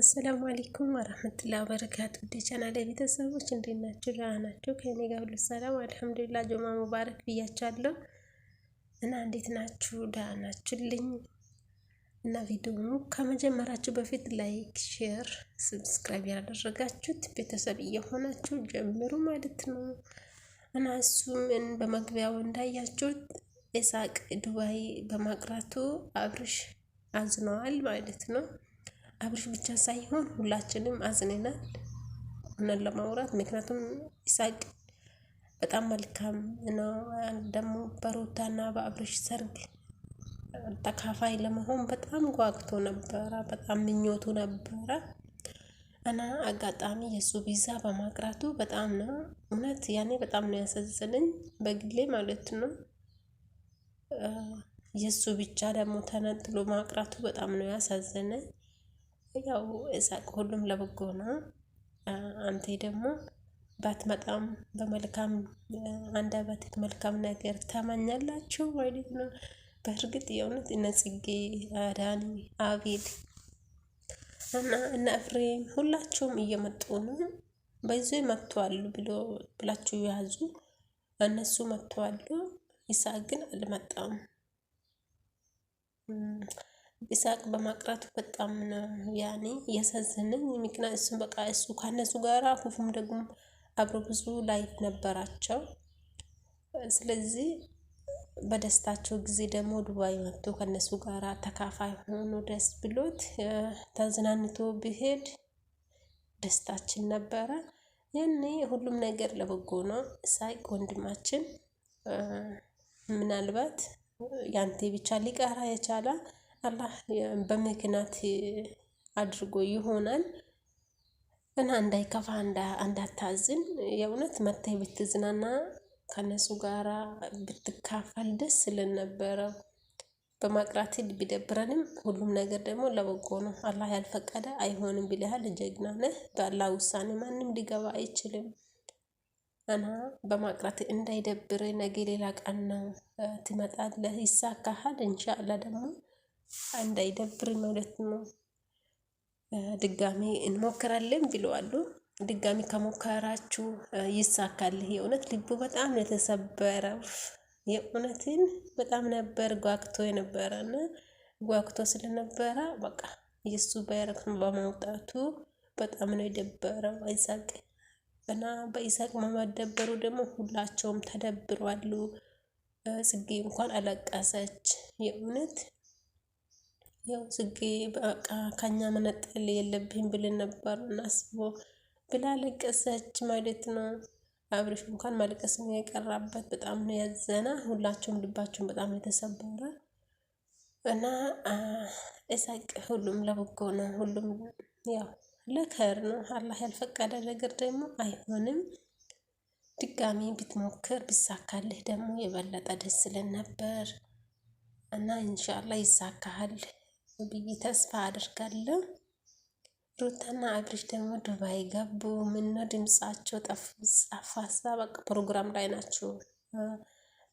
አሰላሙ አለይኩም ወራህመቱላሂ ወበረካቱ ቻናል ቤተሰቦች እንዴት ናችሁ? ደህና ናችሁ? ከእኔ ጋር ሁሉ ሰላም አልሐምዱሊላህ። ጆማ ሙባረክ ብያችኋለሁ እና እንዴት ናችሁ? ደህና ናችሁልኝ? እና ቪዲዮውን ከመጀመራችሁ በፊት ላይክ፣ ሼር፣ ሰብስክራይብ ያደረጋችሁት ቤተሰብ እየሆናችሁ ጀምሩ ማለት ነው እና እሱም በመግቢያው እንዳያችሁት ኢሳቅ ዱባይ በማቅራቱ አብርሽ አዝነዋል ማለት ነው አብርሽ ብቻ ሳይሆን ሁላችንም አዝነናል፣ እውነቱን ለማውራት ምክንያቱም ይሳቅ በጣም መልካም ነው። ደግሞ በሩታና በአብርሽ ሰርግ ተካፋይ ለመሆን በጣም ጓግቶ ነበረ፣ በጣም ምኞቱ ነበረ እና አጋጣሚ የእሱ ቪዛ በማቅራቱ በጣም ነው እውነት ያኔ በጣም ነው ያሳዘነኝ በግሌ ማለት ነው። የእሱ ብቻ ደግሞ ተነጥሎ ማቅራቱ በጣም ነው ያሳዘነኝ። ያው ሳቅ ሁሉም ለበጎ ነው። አንተ ደግሞ ባትመጣም በመልካም አንደበትህ መልካም ነገር ታማኛላችሁ ማለት ነው። በእርግጥ የእውነት እነ ጽጌ፣ አዳኒ፣ አቤል እና እነ ኤፍሬም ሁላቸውም እየመጡ ነው። በዚህ መጥተዋል ብሎ ብላችሁ ያዙ። እነሱ መጥተዋሉ። ይስሐቅ ግን አልመጣም። ኢሳቅ በማቅረቱ በጣም ነው ያኔ እያሳዘነኝ። ምክንያት እሱም በቃ እሱ ከነሱ ጋራ ሁፉም ደግሞ አብሮ ብዙ ላይፍ ነበራቸው። ስለዚህ በደስታቸው ጊዜ ደግሞ ዱባይ መጥቶ ከነሱ ጋራ ተካፋይ ሆኖ ደስ ብሎት ተዝናንቶ ብሄድ ደስታችን ነበረ። ያኔ ሁሉም ነገር ለበጎ ነው። ኢሳቅ ወንድማችን ምናልባት ያንቴ ብቻ ሊቀራ የቻላ አላህ በምክንያት አድርጎ ይሆናል እና እንዳይከፋ እንዳታዝን፣ የእውነት መታይ ብትዝናና ከነሱ ጋራ ብትካፈል ደስ ስልን ነበረው። በማቅራት ቢደብረንም ሁሉም ነገር ደግሞ ለበጎ ነው። አላህ ያልፈቀደ አይሆንም ብለሃል። ጀግና ነህ። በአላህ ውሳኔ ማንም ሊገባ አይችልም እና በማቅራት እንዳይደብር ነገ ሌላ ቀን ነው ትመጣለህ፣ ይሳካሃል። እንሻላ ደግሞ አንድ እንዳይደብር ማለት ነው። ድጋሚ እንሞክራለን ብለዋሉ። ድጋሚ ከሞከራችሁ ይሳካልህ። የእውነት ልቡ በጣም የተሰበረው የእውነትን በጣም ነበር ጓግቶ የነበረና ጓግቶ ስለነበረ በቃ የሱ በረክ በማውጣቱ በጣም ነው የደበረው አይሳቅ እና በኢሳቅ መመደበሩ ደግሞ ሁላቸውም ተደብሯሉ። ጽጌ እንኳን አለቀሰች የእውነት ያው ጽጌ በቃ ከኛ መነጠል የለብህም ብልን ነበር እናስቦ ብላ ለቀሰች ማለት ነው። አብርሽ እንኳን ማልቀስ ነው የቀራበት። በጣም ነው ያዘና፣ ሁላችሁም ልባችሁም በጣም ነው የተሰበረ እና እሳቅ። ሁሉም ለበጎ ነው። ሁሉም ያው ለከር ነው። አላህ ያልፈቀደ ነገር ደግሞ አይሆንም። ድጋሚ ብትሞክር ብሳካልህ ደግሞ የበለጠ ደስ ይለን ነበር እና እንሻላ ይሳካሃል። ብዬ ተስፋ አደርጋለሁ። ሩታና አብሪሽ ደግሞ ዱባይ ገቡ። ምነው ድምጻቸው ጠፋሳ? በቃ ፕሮግራም ላይ ናችሁ፣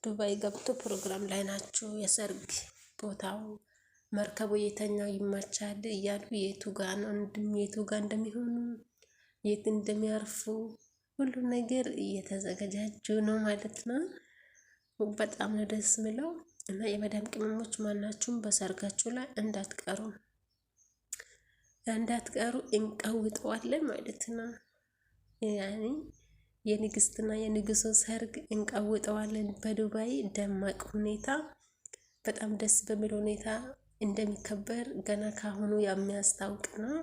ዱባይ ገብቶ ፕሮግራም ላይ ናችሁ። የሰርግ ቦታው መርከቡ የተኛው ይመቻል እያሉ የቱ ጋ ነው የቱ ጋ እንደሚሆኑ የት እንደሚያርፉ ሁሉም ነገር እየተዘገጃጁ ነው ማለት ነው። በጣም ነው ደስ ምለው። እና የመዳም ቅመሞች ማናችሁም በሰርጋችሁ ላይ እንዳትቀሩ እንዳትቀሩ እንቀውጠዋለን ማለት ነው። ያኔ የንግስትና የንጉሱ ሰርግ እንቀውጠዋለን በዱባይ ደማቅ ሁኔታ በጣም ደስ በሚል ሁኔታ እንደሚከበር ገና ካሁኑ የሚያስታውቅ ነው።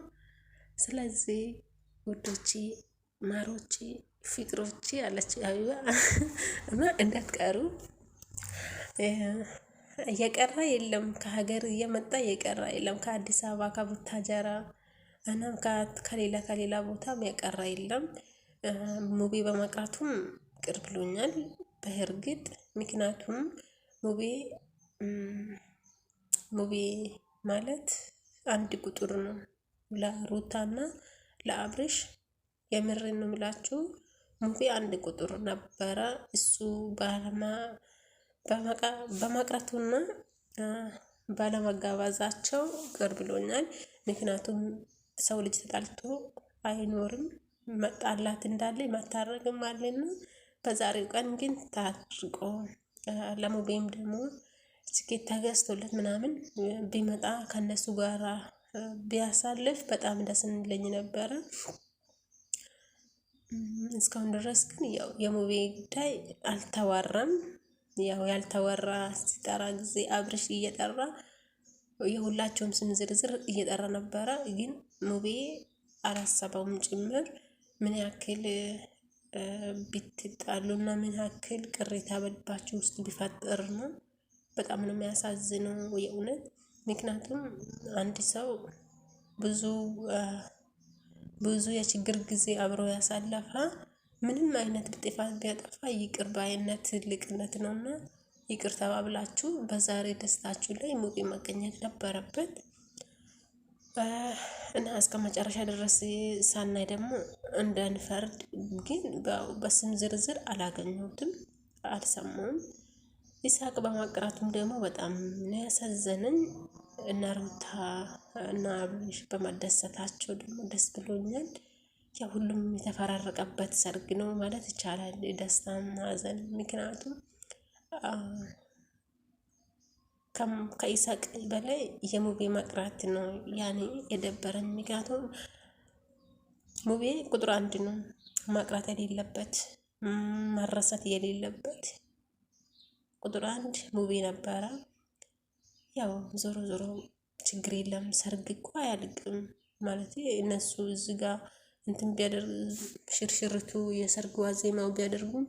ስለዚህ ውዶቼ፣ ማሮቼ፣ ፍቅሮቼ አለች አቢባ እና እንዳትቀሩ የቀራ የለም ከሀገር እየመጣ የቀራ የለም። ከአዲስ አበባ ከቡታጀራ እናም ከሌላ ከሌላ ቦታም የቀራ የለም። ሙቤ በመቅራቱም ቅር ብሎኛል በእርግጥ ምክንያቱም ሙቤ ሙቤ ማለት አንድ ቁጥር ነው ለሩታና ለአብርሽ የምር ነው ምላችሁ ሙቤ አንድ ቁጥር ነበረ እሱ ባህርማ በመቅረቱና ባለመጋባዛቸው ቅር ብሎኛል። ምክንያቱም ሰው ልጅ ተጣልቶ አይኖርም፣ መጣላት እንዳለ መታረቅም አለና በዛሬው ቀን ግን ታርቆ ለሙቤም ደግሞ ስኬት ተገዝቶለት ምናምን ቢመጣ ከነሱ ጋራ ቢያሳልፍ በጣም ደስ እንለኝ ነበረ። እስካሁን ድረስ ግን ያው የሙቤ ጉዳይ አልተዋረም። ያው ያልተወራ ሲጠራ ጊዜ አብርሽ እየጠራ የሁላቸውም ስም ዝርዝር እየጠራ ነበረ። ግን ሙቤ አላሰበውም ጭምር ምን ያክል ቢትጣሉና ምን ያክል ቅሬታ በልባቸው ውስጥ ቢፈጥር ነው። በጣም ነው የሚያሳዝነው የእውነት። ምክንያቱም አንድ ሰው ብዙ ብዙ የችግር ጊዜ አብሮ ያሳለፈ ምንም አይነት ጥፋት ቢያጠፋ ይቅር ባይነት ትልቅነት ነው እና ይቅር ተባብላችሁ በዛሬ ደስታችሁ ላይ ሙቂ መገኘት ነበረበት እና እስከ መጨረሻ ድረስ ሳናይ ደግሞ እንደንፈርድ ግን በስም ዝርዝር አላገኘሁትም፣ አልሰማውም ይስሐቅ በማቅራቱም ደግሞ በጣም ነው ያሳዘነኝ እና ሩታ እና በመደሰታቸው ደግሞ ደስ ብሎኛል። ሁሉም የተፈራረቀበት ሰርግ ነው ማለት ይቻላል። ደስታን ሐዘን ምክንያቱም ከኢሳቅ በላይ የሙቤ መቅራት ነው ያኔ የደበረን። ምክንያቱም ሙቤ ቁጥር አንድ ነው፣ ማቅራት የሌለበት መረሰት የሌለበት ቁጥር አንድ ሙቤ ነበረ። ያው ዞሮ ዞሮ ችግር የለም ሰርግ እኮ አያልቅም ማለት እነሱ እዚህ ጋር እንትን ቢያደርግ ሽርሽርቱ የሰርግ ዋዜማው ቢያደርጉም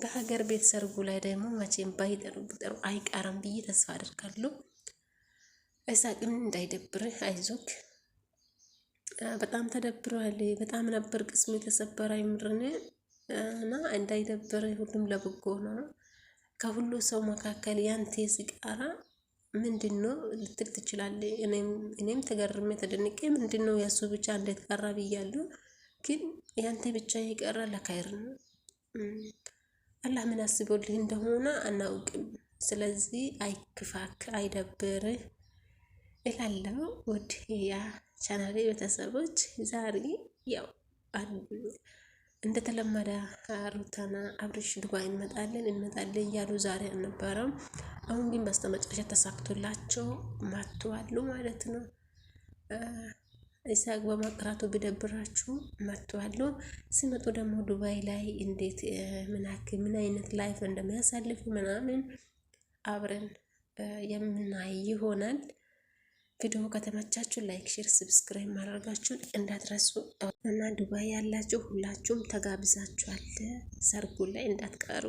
በሀገር ቤት ሰርጉ ላይ ደግሞ መቼም ባይጠሩ ቢጠሩ አይቀርም ብዬ ተስፋ አደርጋለሁ። እሳቅም እንዳይደብር አይዞክ። በጣም ተደብረዋል። በጣም ነበር ቅስሙ የተሰበረ አይምርን እና እንዳይደብር ሁሉም ለበጎ ነው። ከሁሉ ሰው መካከል ያንቴ ሲቃራ ምንድን ነው ልትል ትችላለ እኔም ተገርሜ ተደንቄ ምንድን ነው ያሱ ብቻ እንዴት ቀራ ብያለሁ። ግን ያንተ ብቻ የቀረ ለካይር ነው። አላህ ምን አስቦልህ እንደሆነ አናውቅም። ስለዚህ አይክፋክ፣ አይደብርህ እላለው። ውድ ያ ቻናሌ ቤተሰቦች ዛሬ ያው እንደተለመደ ሩታና አብርሽ ዱባይ እንመጣለን እንመጣለን እያሉ ዛሬ አልነበረም። አሁን ግን በስተመጨረሻ ተሳክቶላቸው መጥተዋል ማለት ነው። ኢሳቅ በማቅራቱ ቢደብራችሁ መጥተዋል። ሲመጡ ደግሞ ዱባይ ላይ እንዴት ምናክ ምን አይነት ላይፍ እንደሚያሳልፉ ምናምን አብረን የምናይ ይሆናል። ቪዲዮ ከተመቻችሁ ላይክ፣ ሼር፣ ሰብስክራይብ ማድረጋችሁን እንዳትረሱ እና ዱባይ ያላችሁ ሁላችሁም ተጋብዛችኋል። ሰርጉ ላይ እንዳትቀሩ።